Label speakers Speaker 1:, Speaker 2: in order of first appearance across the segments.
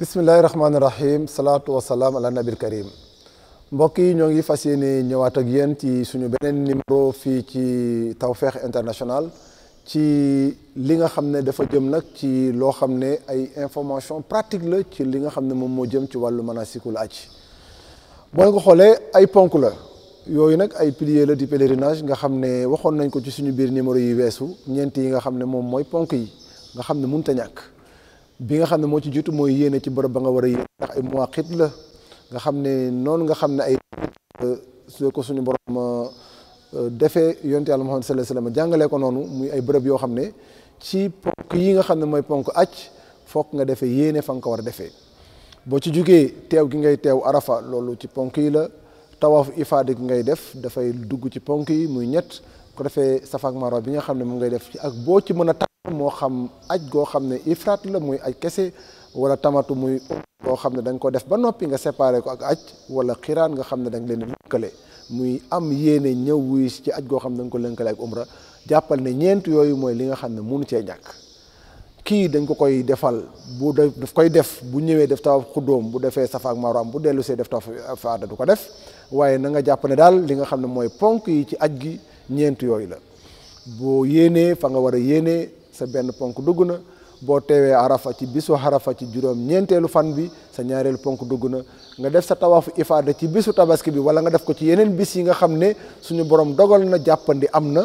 Speaker 1: bismillahi rahmaani rahim salaatu wa salaam ala nabil karim mbokk yi ñoo ngi fas yéene ñëwaat ak yéen ci suñu beneen numéro fii ci Tawfekh International ci li nga xam ne dafa jëm nag ci loo xam ne ay information pratique la ci li nga xam ne moom moo jëm ci wàllu manasikul aj boo ko xoolee ay ponk la yooyu nag ay piliers la di pèlerinage nga xam ne waxoon nañ ko ci suñu biir numéro yi weesu ñeent yi nga xam ne moom mooy ponk yi nga xam ne mënut a ñàkk bi nga xam ne moo ci jiitu mooy yéene ci bërëb ba nga war a yéene ndax ay muwaqit la nga xam ne noonu nga xam ne ay su ko suñu borom euh, defee yonte yàlla Muhammad sallallahu alayhi wasallam jàngalee ko noonu muy ay bërëb yoo xam ne ci ponk yi nga xam ne mooy ponk aj fokk nga defee yéene fa nga ko war a defee boo ci jógee teew gi ngay teew arafa loolu ci ponk yi la tawaaf ifaada gi ngay def dafay dugg ci ponk yi muy ñett ko defee safa ak marwa bi nga xam ne mu ngay def ci ak boo ci mën a moo xam aj goo xam ne ifraat la muy aj kese wala tamatu muy boo xam ne dañ ko def ba noppi nga séparé ko ak aj wala xiraan nga xam ne da leen lëkkale muy am yéene ñëw ci aj goo xam ne da ko lëkkale ak umra jàppal ne ñeent yooyu mooy li nga xam ne munu cee ñàkk kii dañ ko koy defal bu daf koy def bu ñëwee def tawaf xuddoom bu defee safa ak marwa bu dellu see def tawaf aada du ko def waaye jàpp ne daal li nga xam ne mooy ponk yi ci aj gi ñeent yooyu la boo yéenee fa nga war a yéenee sa benn ponk dugg na boo teewee arafa ci bisu arafa ci juróom ñeenteelu fan bi sa ñaareelu ponk dugg na nga def sa tawaafu ifaada ci bisu tabaski bi wala nga def ko ci yeneen bis yi nga xam ne suñu borom dogal na jàppandi am na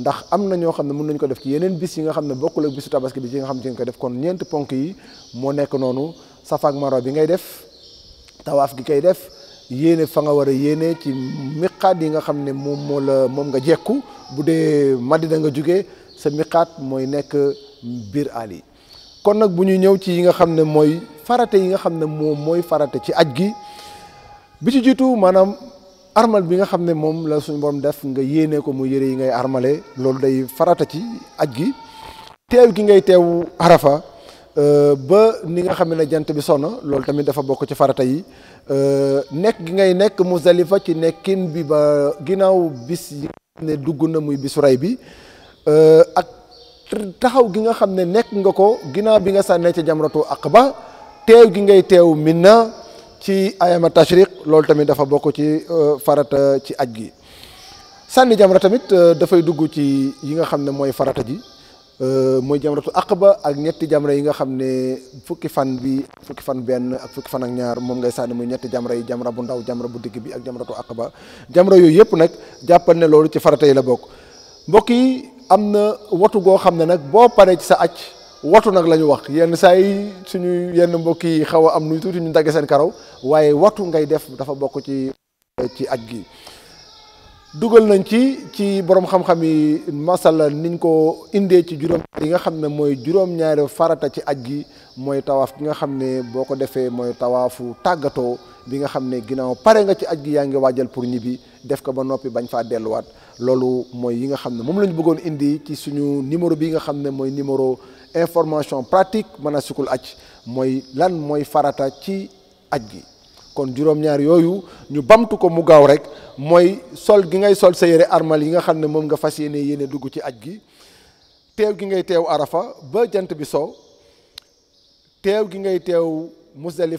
Speaker 1: ndax am na ñoo xam ne mun nañ ko def ci yeneen bis yi nga xam ne bokkul ak bisu tabaski bi ci nga xam ne nga ko def kon ñeenti ponk yi moo nekk noonu sa ak marwa bi ngay def tawaaf gi koy def yéene fa nga war a yéene ci miqaat yi nga xam ne moom moo la moom nga jekku bu dee Madina nga jóge sa miqaat mooy nekk biir àll yi kon nag bu ñuy ñëw ci yi nga xam ne mooy farata yi nga xam ne moom mooy farata ci aj gi bi ci jiitu maanaam armal bi nga xam ne moom la suñu borom def nga yéene ko mu yére yi ngay armale loolu day farata ci aj gi teew gi ngay teew arafa euh, ba ni nga xam ne jant bi sonn loolu tamit dafa bokk ci farata yi Euh, nekk gi ngay nekk mu Musdalifa ci nekkin bi ba ginnaaw bis yi ne dugg na muy bisu rey bi euh, ak taxaw gi nga xam ne nekk nga ko ginnaaw bi nga sànnee ca jamratu ba teew gi ngay teew minna ci ayama tashriq loolu tamit dafa bokk ci euh, farata ci aj gi sànni jamra tamit dafay dugg ci yi nga xam ne mooy farata ji Euh, mooy jamratu aqaba ak ñetti jamra yi nga xam ne fukki fan bi fukki fan benn ak fukki fan ak ñaar moom ngay sànni muy ñetti jamra yi jamra bu ndaw jamra bu digg bi ak jamratu ba jamra yooyu yëpp nag jàppal ne loolu ci farata yi la bokk mbokk yi am na watu goo xam ne nag boo paree ci sa aj watu nag la wax yenn saa yi suñu yenn mbokk yi xaw a am nu tuuti ñu dagge seen karaw waaye watu ngay def dafa bokk ci ci aj gi dugal nañ ci ci borom xam-xam yi masala niñ ko indee ci juróom yi nga xam ne mooy juróom-ñaari farata ci aj gi mooy tawaaf gi nga xam ne boo ko defee mooy tawaafu tàggatoo bi nga xam ne ginnaaw pare nga ci aj gi yaa ngi waajal pour ñibbi def ko ba noppi bañ faa delluwaat loolu mooy yi nga xam ne moom la bëggoon indi ci suñu numéro bi nga xam ne mooy numéro information pratique manasikul aj mooy lan mooy farata ci aj gi kon juróom-ñaar yooyu ñu bamtu ko mu gaaw rek mooy sol gi ngay sol sa yére armal yi nga xam ne moom nga fas yéene yéene dugg ci aj gi teew gi ngay teew arafa ba jant bi soow teew gi ngay teew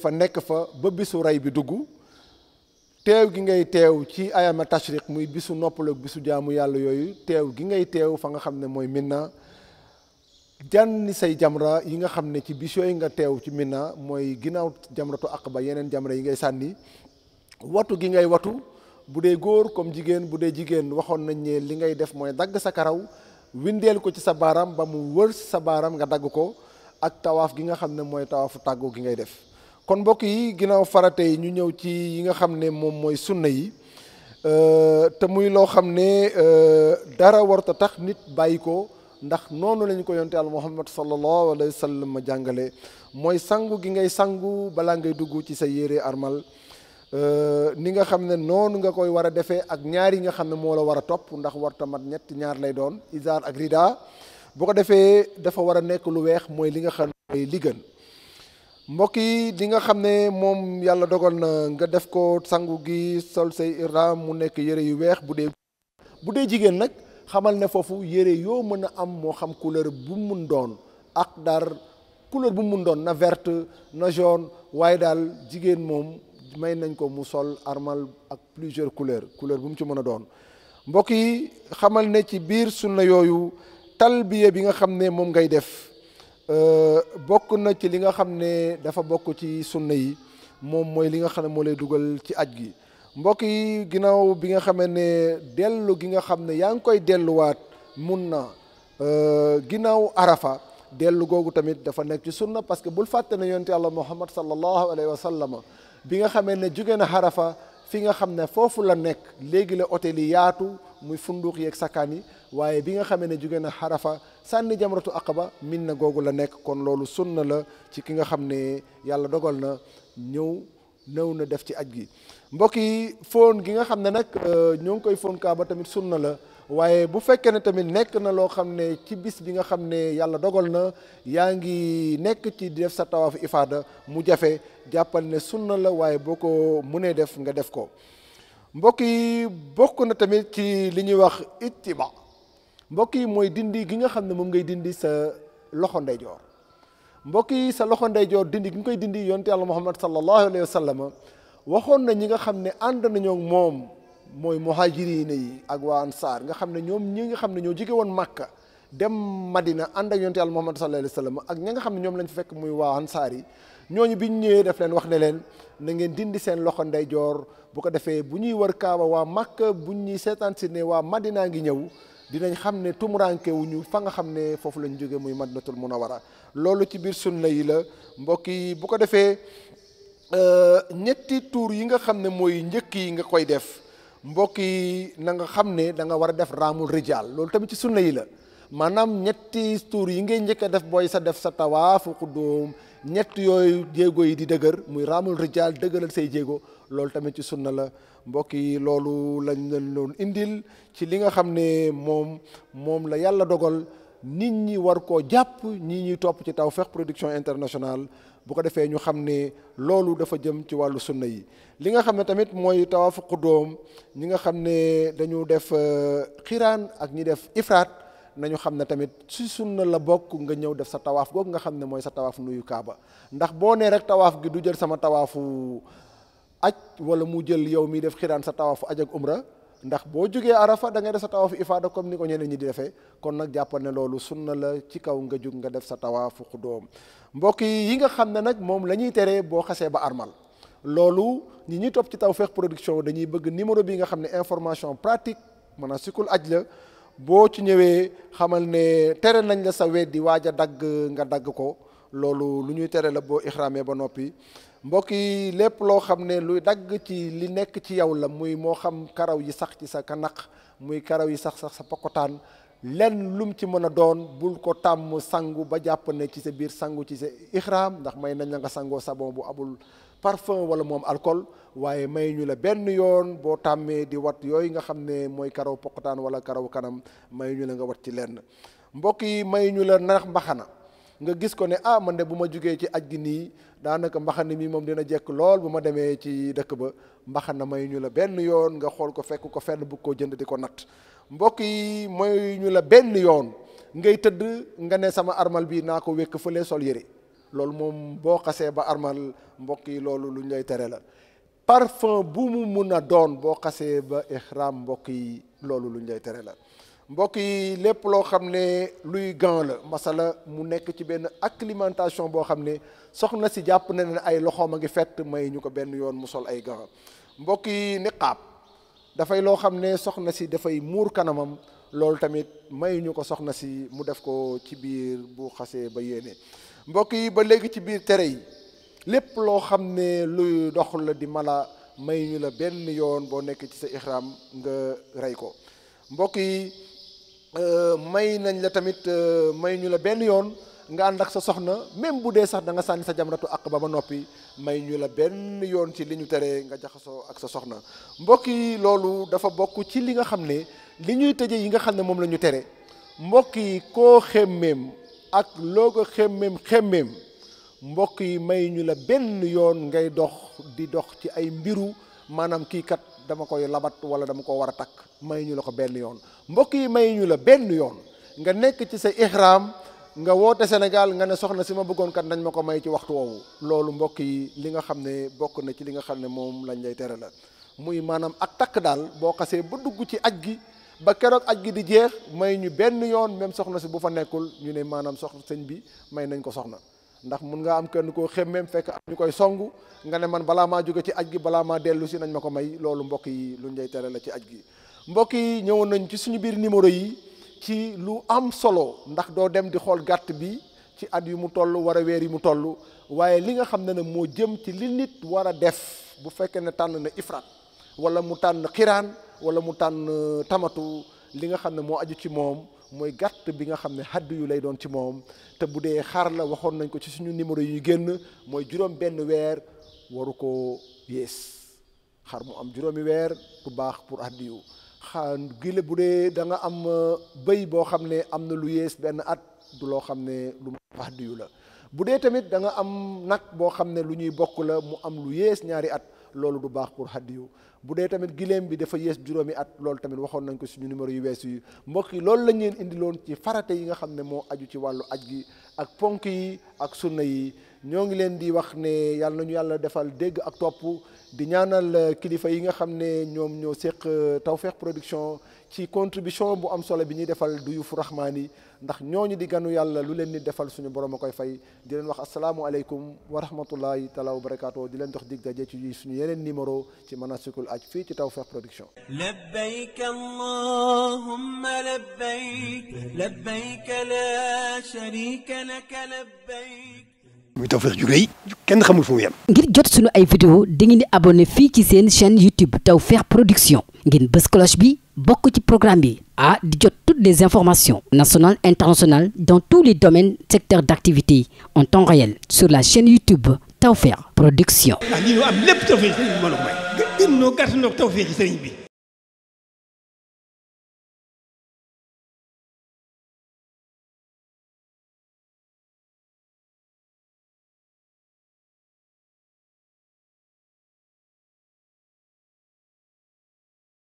Speaker 1: fa nekk fa ba bisu rey bi dugg teew gi ngay teew ci ayama tashriq muy bisu noppaloog bisu jaamu yàlla yooyu teew gi ngay teew fa nga xam ne mooy minna jànni say jamra yi nga xam ne ci bis yooyu nga teew ci Mina mooy ginnaaw jamratu ba yeneen jamra yi ngay sànni watu gi ngay watu bu dee góor comme jigéen bu dee jigéen waxoon nañ ne li ngay def mooy dagg sa karaw windeel ko ci sa baaraam ba mu wër sa baaraam nga dagg ko ak tawaaf gi nga xam ne mooy tawaafu tàggoo gi ngay def kon mbokk yi ginnaaw farate yi ñu ñëw ci yi nga xam ne moom mooy sunna yi euh, te muy loo xam ne euh, dara warta tax nit bàyyi ko ndax noonu lañu ko yonte al muhammad sallallahu alayhi wa sallam ma jàngale mooy sangu gi ngay sangu balaa ngay dugg ci sa yére armal euh, ni nga xam ne noonu nga koy war a defee ak ñaar yi nga xam ne moo la war a topp ndax war mat ñetti ñaar lay doon izar ak rida boo ko defee dafa war a nekk lu weex mooy li nga xam ne mooy mbokk yi li nga xam ne moom yàlla dogal na nga def ko sangu gi sol say iram mu nekk yére yu weex bu dee bu dee jigéen nag xamal ne foofu yére yoo mën a am moo xam couleur bu mun doon ak dar couleur bu mun doon na verte na jaune waaye daal jigéen moom may nañ ko mu sol armal ak plusieurs couleurs couleur bu mu ci mën a doon mbokk yi xamal ne ci biir sunna yooyu talbiya bi nga xam ne moom ngay def euh, bokk na ci li nga xam ne dafa bokk ci sunna yi moom mooy li nga xam ne moo lay dugal ci aj gi mbokk yi ginnaaw bi nga xamee ne dellu gi nga xam ne yaa ngi koy delluwaat mun na euh, ginnaaw arafa dellu googu tamit dafa nekk ci sunna parce que bul fàtte ne yonte yàlla muhammad sallallahu alayhi wa sallam bi nga xamee ne jóge na arafa fi nga xam ne foofu la nekk léegi la hôtel yi yaatu muy funduux yeeg sakkaan yi waaye bi nga xamee ne jóge na arafa sànni jamratu aqaba miin na googu la nekk kon loolu sunna la ci ki nga xam ne yàlla dogal na ñëw néew na def ci aj gi mbokk yi fóon gi nga xam ne nag euh, ñoo ngi koy fóon kaaba tamit sunna la waaye bu fekkee ne tamit nekk na loo xam ne ci bis bi nga xam ne yàlla dogal na yaa ngi nekk ci def sa tawaaf ifaada mu jafe jàppal ne sunna la waaye boo ko mënee def nga def ko mbokk yi bokk na tamit ci li ñuy wax ittiba mbokk yi mooy dindi gi nga xam ne moom ngay dindi sa loxo ndeyjoor mbokk yi sa loxo ndeyjoor dindi gi nga koy dindi yonte yàlla muhammad sallallahu alayhi wa sallam waxoon na ñi nga xam ne ànd nañoo moom mooy muhajiriin yi ak waa ansaar nga xam ne ñoom ñi nga xam ne ñoo jóge woon màkka dem madina ànd ak yonte yàlla muhammad sallallahu alayhi wa sallam nga xam ne ñoom lañ fekk muy waa ansaar yi ñooñu bi ñu ñëwee def leen wax ne leen na ngeen dindi seen loxo ndeyjoor bu ko defee bu ñuy war kaaba waa màkka bu ñuy seetaan si ne waa madinaa ngi ñëw dinañ xam ne tumuranke wuñu fa nga xam ne foofu lañ jóge muy madinatul munawara loolu ci biir sunna yi la mbokk yi bu ko defee euh, ñetti tuur yi nga xam ne mooy njëkk yi nga koy def mbokk yi na nga xam ne da nga war a def raamul rijaal loolu tamit ci sunna yi la maanaam ñetti tuur yi ngay njëkk a def booy sa def sa tawaafu xudduum ñett yooyu jéego yi di dëgër muy raamul rijaal dëgëral say jéego loolu tamit ci sunna la mbokk yi loolu lañ leen doon indil ci li nga xam ne moom moom la yàlla dogal nit ñi war koo jàpp ñi ñuy topp ci taw Tawfekh Production Internationale bu ko defee ñu xam ne loolu dafa jëm ci wàllu sunna yi li nga xam ne tamit mooy tawaafu xuddoom ñi nga xam ne dañu def euh, xiiraan ak ñi def ifraat nañu xam ne tamit si sunna la bokk nga ñëw def sa tawaaf googu nga xam ne mooy sa tawaaf nuyu kaaba ndax boo nee rek tawaaf gi du jël sama tawaafu aj walla mu jël yow mii def xiraan sa tawaafu aj ak umra ndax boo jógee arafa da ngay def sa tawaafu ifaada comme ni ko ñeneen ñi di defee kon nag jàppal ne loolu sunna la ci kaw nga jug nga def sa tawaafu xudóom mbokk yi yi nga xam ne nag moom la ñuy teree boo xasee ba armal loolu ñi ñuy topp ci taw feex Production dañuy bëgg numéro bi nga xam ne information pratique maanaam sikul aj la boo ci ñëwee xamal ne tere nañ la sa weddi waaj a dagg nga dagg ko loolu lu ñuy tere la boo ixramee ba noppi mbokk yi lépp loo xam ne luy dagg ci li nekk ci yow la muy moo xam karaw yi sax ci sa kanaq muy karaw yi sax sax sa pokotaan lenn lum ci mën a doon bul ko tàmm sangu ba jàpp ne ci sa biir sangu ci sa ixraam ndax may nañ la nga sangoo sabon bu abul parfum wala moom alcool waaye may ñu la benn yoon boo tàmmee di wat yooyu nga xam ne mooy karaw pokotaan wala karawu kanam may ñu la nga wat ci lenn mbokk yi may ñu la nax mbaxana nga gis ko ne ah man de bu ma jógee ci aj gi nii daanaka mbaxane mii moom dina jekk lool bu ma demee ci dëkk ba mbaxana may ñu la benn yoon nga xool ko fekk ko fenn bëgg koo jënd di ko natt mbokk yi may ñu la benn yoon ngay tëdd nga ne sama armal bi naa ko wékk fële sol yére loolu moom boo xasee ba armal mbokk yi loolu lu ñu lay tere la parfum bu mu mun a doon boo xasee ba ihram mbokk yi loolu lu ñu lay tere la mbokk yi lépp loo xam ne luy gan la masala mu nekk ci benn acclimatation boo xam ne soxna si jàpp na ne ay loxoom a ngi fett may ñu ko benn yoon mu sol ay gan mbokk yi niqaab dafay loo xam ne soxna si dafay muur kanamam loolu tamit may ñu ko soxna si mu def ko ci biir bu xasee ba yéene mbokk yi ba léegi ci biir tere yi lépp loo xam ne luy dox la di mala may ñu la benn yoon boo nekk ci sa ihram nga rey ko mbokk yi Euh, may nañ la tamit euh, may ñu la benn yoon nga ànd ak sa soxna même bu dee sax da nga sànni sa jamratu ak ba ba noppi may ñu la benn yoon ci li ñu tere nga jaxasoo ak sa soxna mbokk yi loolu dafa bokk ci li nga xam ne li ñuy tëje yi nga xam ne moom la ñu tere mbokk yi koo xemmeem ak loo ko xemmeem xemmeem mbokk yi may ñu la benn yoon ngay dox di dox ci ay mbiru maanaam kii kat dama koy labat wala dama ko war a takk may ñu la ko benn yoon mbokk yi may ñu la benn yoon nga nekk ci sa ihram nga woote Sénégal nga ne soxna si ma bëggoon kat nañ ma ko may ci waxtu woowu loolu mbokk yi li nga xam ne bokk na ci li nga xam ne moom lañ lay tere la muy maanaam ak takk daal boo xasee ba dugg ci aj gi ba keroog aj gi di jeex may ñu benn yoon même soxna si bu fa nekkul ñu ne maanaam soxna sëñ bi may nañ ko soxna ndax mun ngaa am kenn koo xemmeem fekk am ñu koy song nga ne man balaa maa jóge ci aj gi balaa maa dellu nañ ma ko may loolu mbokk yi lu njey tere la ci aj gi mbokk yi ñëwoon nañ ci suñu biir numéro yi ci lu am solo ndax doo dem di xool gàtt bi ci at yu mu toll war a weer yi mu toll waaye li nga xam ne ne moo jëm ci li nit war a def bu fekkee ne tànn na ifrat wala mu tànn xiraan wala mu tànn tamatu li nga xam ne moo aju ci moom mooy gàtt bi nga xam ne hadd lay doon ci moom te bu dee xar la waxoon nañ ko ci suñu numéro yu génn mooy juróom benn weer waru ko yées xar mu am juróomi weer du baax pour hadd yu xaa gile bu dee da nga am euh, bëy boo xam ne am na lu yées benn at du loo xam ne lu hadd la bu dee tamit da nga am nag boo xam ne lu ñuy bokk la mu am lu yées ñaari at loolu du baax pour hadiyu bu dee tamit giléem bi dafa yées juróomi at loolu tamit waxoon nañ ko suñu numéro yu weesu yi mbokk yi loolu lañ leen indiloon ci farate yi nga xam ne moo aju ci wàllu aj gi ak ponk yi ak sunna yi ñoo ngi leen di wax ne yàlla nañu yàlla defal dégg ak topp di ñaanal kilifa yi nga xam ne ñoom ñoo séq uh, Tawfekh Production ci contribution bu am solo bi ñuy defal duyufu rahmaan yi ndax ñooñu di ganu yàlla lu leen nit defal suñu borom a koy fay di leen wax asalaamualeykum wa rahmatullahi taala wa barakaatu di leen dox dig daje ci suñu yeneen numéro ci manasikul aj fii ci Tawfekh Production labbayk allahumma labbayk labbayk la sharika lak labbayk kenn xamul fu mu yem. ngir jot sunu ay vidéo dangeen di abonné fii ci seen chaîne YouTube Tawfekh Production ngeen bës bi bokk ci programme bi a ah, di jot toutes les informations nationales internationales dans tous les domaines secteurs d'activité en temps réel sur la chaîne YouTube Tawfekh Production. ah lii am lépp tawfeex ci sëriñ bi.